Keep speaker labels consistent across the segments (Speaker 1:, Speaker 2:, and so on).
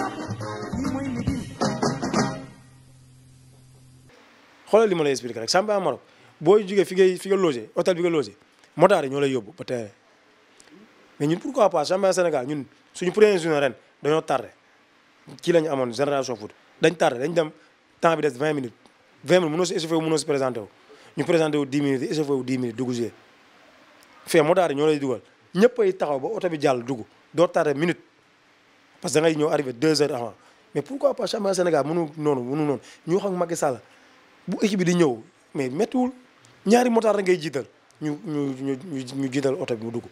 Speaker 1: lii mooy liggéey. xoolal li ma lay expliqué rek Samba Maroc booy jige fi ngay fi nga logé hôtel bi nga logé motard yi ñoo lay yóbbu ba terrain mais ñun pourquoi pas champion Sénégal ñun suñu premier journée ren dañoo tardé ci la ñu amoon génération foot dañ tardé dañ dem temps bi des 20 minutes 20 minutes mënoo si échauffé wu mënoo si présenté wu ñu présenté wu 10 minutes échauffé wu 10 minutes yi ñoo lay dugal ñëpp ay bi jàll dugg doo tardé minute. parce que da ngay ñëw arrivé deux heures avant mais pourquoi pas championnat Sénégal mënu noonu mënu noonu ñu wax ak Macky Sall bu équipe bi di ñëw mais méttiwul ñaari motard da ngay jiital ñu ñu ñu ñu jiital oto bi mu dugg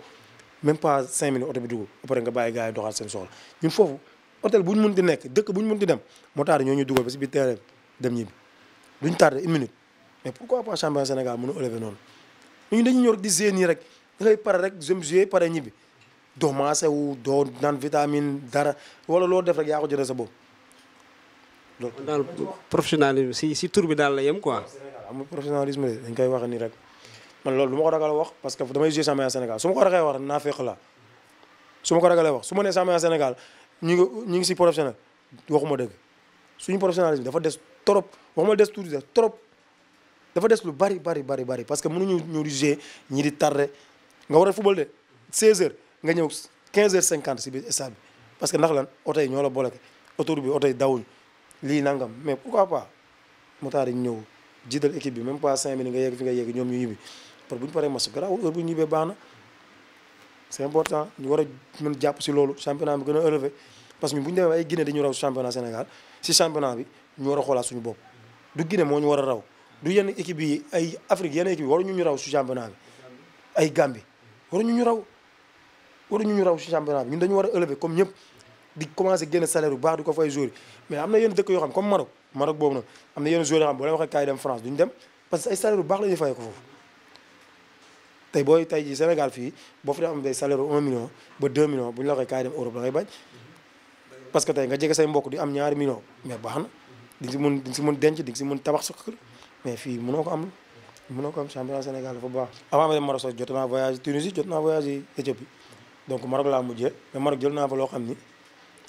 Speaker 1: même pas cinq minutes oto bi dugg après nga bàyyi gars yi doxal seen soxla ñun foofu hôtel bu ñu mën di nekk dëkk bu ñu mën di dem motard ñoo ñu dugal ba si biir terrain dem ñibbi duñ tardé une minute mais pourquoi pas championnat Sénégal mënu élevé noonu ñun dañuy ñëw rek di gérer rek da ngay pare rek jëm doo maase wu doo naan vitamine dara wala loo def rek yaa ko jëlee sa bopp. donc daal professionnalisme si si tur bi daal la yem quoi. amul professionnalisme de dañ koy wax nii rek man loolu du ma ko ragal wax parce que damay joué championnat Sénégal su ma ko ragalee wax naa fekk la su ma ko ragalee wax su ma nee championnat Sénégal ñu ngi ñu ngi si professionnel waxuma dëgg suñu professionnalisme dafa des trop waxuma des tuuti des trop dafa des lu bari bari bari bari parce que mënuñu ñu joué ñi di tardé nga war a football de 16 heures. nga ñëw 15 heures 50 si biir stade bi parce que ndax lan oto yi ñoo la bloqué autoroute bi oto yi dawuñ lii nangam mais pourquoi pas motaar yi ñëw jiital équipe bi même pas 5 minutes nga yegg fi nga yegg ñoom ñu yibbi pour bu ñu paree match garaawul heure bu ñu na c' est important ñu war a mën jàpp si loolu championnat bi gën a élevé parce que bu ñu demee ay Guinée dañu raw si championnat Sénégal si championnat bi ñu war a xoolaat suñu bopp du Guinée moo ñu war a raw du yenn équipe yi ay Afrique yenn équipe yi waruñu ñu raw si championnat ay Gambie raw. waruñu ñu raw ci bi ñun dañu war a élever comme ñëpp di commencé génn salaire bu baax di ko fay joueurs mais am na yenn dëkk yoo xam comme Maroc Maroc boobu nag am na yenn joueurs yoo xam boo leen waxee kaay dem France duñ dem parce que ay salaire bu baax la ñuy ko foofu tey booy tey ji Sénégal fii boo fi dee am day salaire bu 1 million ba 2 millions bu ñu la waxee kaay dem tey nga jege say mbokk di am ñaari millions mais baax na di si mën di si mën denc di si mën tabax sa kër mais fii mënoo ko am mënoo ko am championnat Sénégal dafa baax avant ma donc Maroc laa mujjee mais Maroc jël naa fa loo xam ni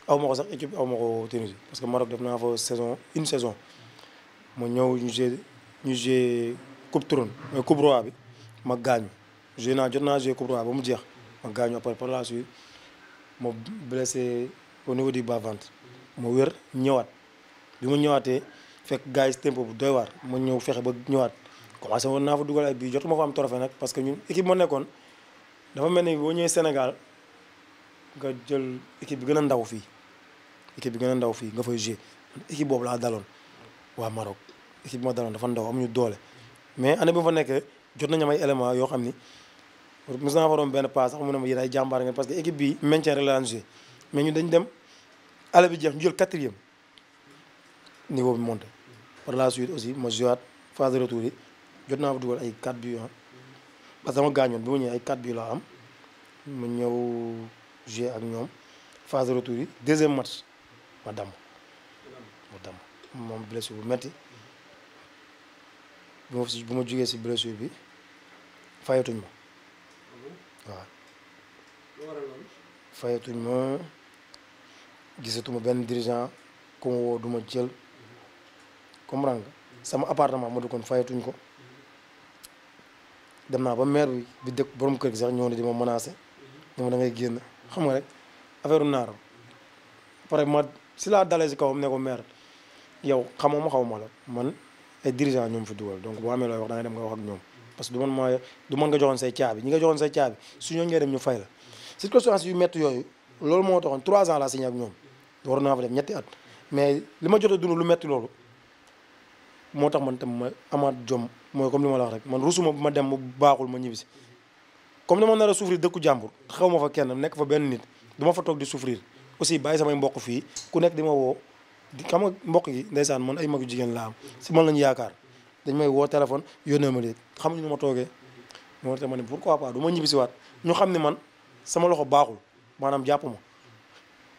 Speaker 1: aw ma ko sax équipe aw ma ko parce que Maroc def naa fa saison une saison moo ñëw ñu joué ñu joué coupe trône mais coupe roi bi ma gaañu joué naa jot mu jeex ma gaañu après par la suite moo blessé au niveau du bas-ventre ma wér ñëwaat bi ma ñëwaatee fekk gars yi tempo bu doy waar ma ñëw fexe ba ñëwaat commencé woon naa fa dugal ay bii jotuma fa am trophée nag parce que ñu équipe ma nekkoon dafa mel ni boo ñëwee Sénégal nga jël équipe bi gën a ndaw fii équipe bi gën ndaw fii nga fay jouer équipe boobu laa daloon waa Maroc équipe bi ma daloon dafa ndaw amuñu doole mais année bi ma fa nekkee jot nañu am ay yoo xam ni mos naa waroon benn paas sax mu ne ma yéen ay jàmbaar ngeen parce que équipe bi maintien rek la daan jouer mais ñu dañ dem allé bi jeex ñu jël quatrième niveau bi jot naa fa dugal ay 4 buts parce que dama gaañoon bi ma ñëwee ay 4 buts laa am ma ñëw joué ak ñoom phase retour yi deuxième match ma damm ma damm moom blessure bu metti bu ma bu ma jógee si blessure bi fayatuñ ma ah waaw fayatuñ ma benn dirigeant ku ma woo duma jël comprendre nga sama appartement ma dëkkoon fayatuñ ko dem naa ba meer bi bi dëkk borom kër gi ñoo ne di ma menacé dama mhm. da génn xam nga rek affaire naar pare ma si laa dalee si kawam ne ko maire yow xamoo ma xaw ma la man ay dirigeant ñoom fi dugal donc boo amee looy wax da ngay dem nga wax ak ñoom parce que du man maa du man nga joxoon say caabi ñi ñu fay la circonstances yu métti yooyu loolu moo taxoon trois ans laa signé ak ñoom war naa fa def ñetti at mais li ma jot a dund lu métti loolu moo tax man tam ma amaat jom mooy comme li ma la wax rek man rusuma ma dem mu baaxul ma ñibbisi comme dama nar a dëkku jàmbur xaw ma fa kenn nekk fa benn nit duma fa toog di souffrir aussi bàyyi samay mbokk fii ku nekk di ma woo xam nga mbokk yi ndeysaan man ay magu jigéen laa si man lañu yaakaar dañ may woo téléphone yónnee ma léegi xam ñu ma toogee moo tax ma ne pourquoi pas du ma ñibbi si waat xam ne man sama loxo baaxul maanaam jàpp ma pour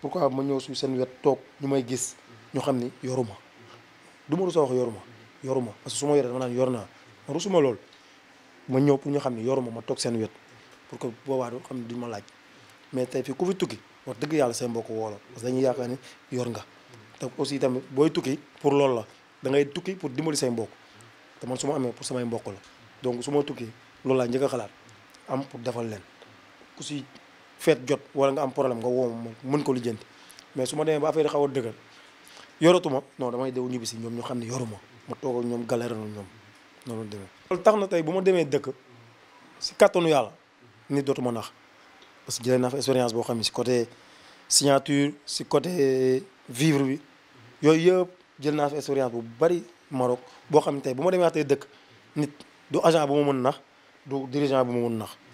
Speaker 1: pourquoi ma ñëw su seen wet toog ñu may gis ñu xam ni yoruma du ma rusa wax yoruma yoruma parce que su ma yoree dama naan yor naa ma rusuma lool ma ñëw pour ñu xam ne yoruma ma toog seen wet pour que boobaa du xam ne duñ ma laaj mais tey fi ku fi tukki wax dëgg yàlla seen mbokk woo la parce que dañuy yaakaar ne yor nga te aussi tamit booy tukki pour loolu la dangay tukki pour dimbali say mbokk te man su ma amee pour samay mbokk la donc su ma tukki loolu laa njëkk xalaat am pour defal leen ku si feet jot wala nga am problème nga woo ma mën ko lijjanti mais su ma demee ba affaire xaw a dëgga yoratuma non damay dew ñibbi si ñoom ñu xam ne yoruma ma toog ak ñoom galéré na ñoom noonu demee tax na tey bu ma demee dëkk si kàttanu yàlla nit dootuma nax parce que jëlee naa fa expérience boo xam ne si côté signature si côté vivre bi yooyu yëpp jël naa fa expérience bu bari Maroc boo xam ne tey bu ma demee tey dëkk nit du agent bu ma mën nax du dirigeant bu mu mën nax